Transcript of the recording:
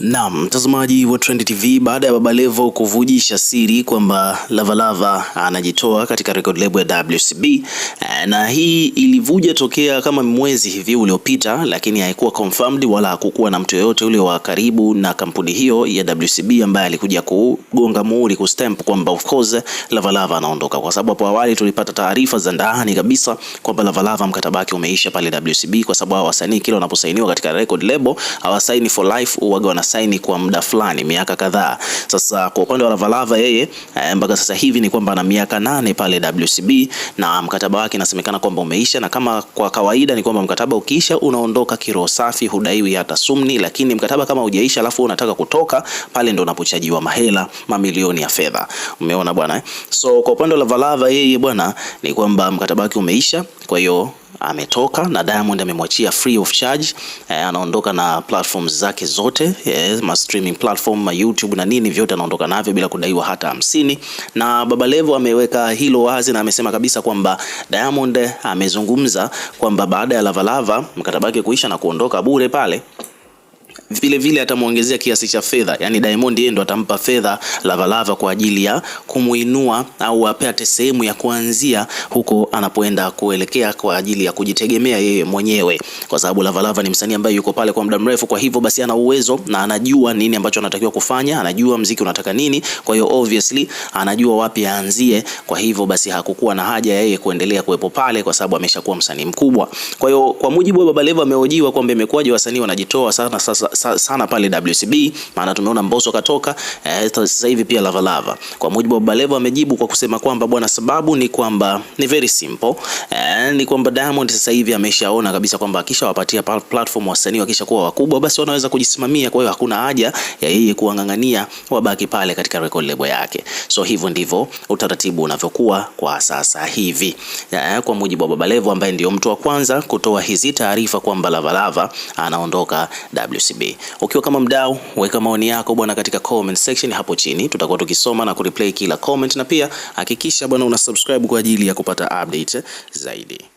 Naam, mtazamaji wa Trend TV, baada ya Babalevo kuvujisha siri kwamba Lavalava anajitoa katika record label ya WCB, eh, na hii ilivuja tokea kama mwezi hivi uliopita, lakini haikuwa confirmed wala hakukuwa na mtu yoyote ule wa karibu na kampuni hiyo ya WCB ambaye alikuja kugonga muhuri kustamp kwamba of course Lavalava anaondoka, kwa sababu hapo awali tulipata taarifa za ndani kabisa kwamba Lavalava mkataba wake umeisha pale WCB, kwa sababu wasanii kila wanaposainiwa katika record label hawasaini for life, huwa saini kwa muda fulani miaka kadhaa. Sasa kwa upande wa Lavalava yeye eh, mpaka sasa hivi ni kwamba ana miaka nane pale WCB na mkataba wake inasemekana kwamba umeisha, na kama kwa kawaida ni kwamba mkataba ukiisha unaondoka kiroho safi, hudaiwi hata sumni. Lakini mkataba kama hujaisha alafu unataka kutoka pale, ndo unapochajiwa mahela mamilioni ya fedha. Umeona bwana eh? So kwa upande wa Lavalava yeye bwana ni kwamba mkataba wake umeisha, kwa hiyo ametoka na Diamond amemwachia free of charge e, anaondoka na platforms zake zote e, ma streaming platform ma YouTube na nini vyote anaondoka navyo bila kudaiwa hata hamsini. Na Baba Levo ameweka hilo wazi na amesema kabisa kwamba Diamond amezungumza kwamba baada ya Lavalava mkataba wake kuisha na kuondoka bure pale vile vile atamwongezea kiasi cha fedha, yani Diamond yeye ndo atampa fedha Lava kwa ajili ya kumuinua au apate sehemu ya kuanzia huko anapoenda kuelekea kwa ajili ya kujitegemea yeye mwenyewe, kwa sababu Lavalava ni msanii ambaye yuko pale kwa muda mrefu. Kwa hivyo basi, ana uwezo na anajua nini ambacho anatakiwa kufanya, anajua mziki unataka nini, kwa hiyo obviously anajua wapi aanzie. Kwa hivyo basi, hakukuwa na haja yeye kuendelea kuwepo pale, kwa sababu ameshakuwa msanii mkubwa. Kwa hiyo kwa mujibu wa Baba Levo ameojiwa kwamba imekuwaje wasanii wanajitoa sana sasa sana pale WCB, maana tumeona Mbosso katoka eh, sasa hivi pia Lava Lava. Kwa mujibu wa Balevo amejibu kwa kusema kwamba bwana, sababu ni kwamba ni very simple eh, ni kwamba Diamond sasa hivi ameshaona kabisa kwamba akishawapatia platform wasanii wakishakuwa wakubwa, basi wanaweza kujisimamia. Kwa hiyo hakuna haja ya yeye kuwang'ang'ania wabaki pale katika record label yake. So hivyo ndivyo utaratibu unavyokuwa kwa sasa hivi ya, eh, kwa mujibu wa Baba ambaye ndio mtu wa kwanza kutoa hizi taarifa kwamba Lavalava anaondoka WCB zaidi. Ukiwa kama mdau, weka maoni yako bwana katika comment section hapo chini, tutakuwa tukisoma na kureplay kila comment, na pia hakikisha bwana una subscribe kwa ajili ya kupata update zaidi.